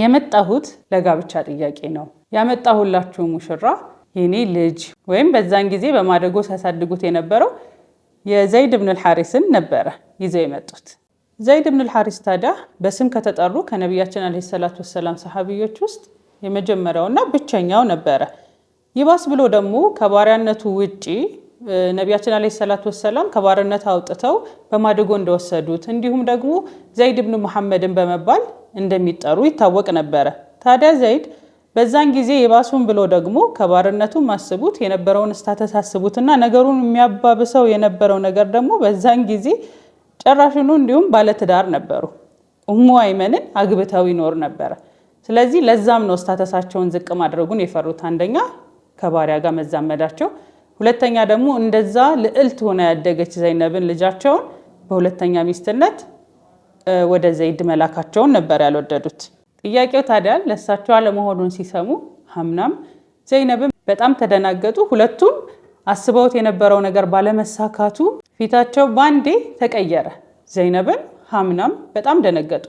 የመጣሁት ለጋብቻ ጥያቄ ነው። ያመጣሁላችሁ ሙሽራ የኔ ልጅ ወይም በዛን ጊዜ በማደጎ ሲያሳድጉት የነበረው የዘይድ ብን ሐሪስን ነበረ ይዘው የመጡት። ዘይድ ብን ሐሪስ ታዲያ በስም ከተጠሩ ከነቢያችን አለ ሰላት ወሰላም ሰሐቢዮች ውስጥ የመጀመሪያውና ብቸኛው ነበረ። ይባስ ብሎ ደግሞ ከባሪያነቱ ውጪ ነቢያችን አለ ሰላት ወሰላም ከባርነት አውጥተው በማድጎ እንደወሰዱት እንዲሁም ደግሞ ዘይድ ብኑ መሐመድን በመባል እንደሚጠሩ ይታወቅ ነበረ። ታዲያ ዘይድ በዛን ጊዜ የባሱን ብሎ ደግሞ ከባርነቱ ማስቡት የነበረውን ስታተስ አስቡትና ነገሩን የሚያባብሰው የነበረው ነገር ደግሞ በዛን ጊዜ ጨራሽኑ እንዲሁም ባለትዳር ነበሩ። እሙ አይመንን አግብተው ይኖር ነበረ። ስለዚህ ለዛም ነው ስታተሳቸውን ዝቅ ማድረጉን የፈሩት። አንደኛ ከባሪያ ጋር መዛመዳቸው ሁለተኛ ደግሞ እንደዛ ልዕልት ሆና ያደገች ዘይነብን ልጃቸውን በሁለተኛ ሚስትነት ወደ ዘይድ መላካቸውን ነበር ያልወደዱት። ጥያቄው ታዲያ ለእሳቸው አለመሆኑን ሲሰሙ ሀምናም ዘይነብን በጣም ተደናገጡ። ሁለቱም አስበውት የነበረው ነገር ባለመሳካቱ ፊታቸው ባንዴ ተቀየረ። ዘይነብን ሀምናም በጣም ደነገጡ።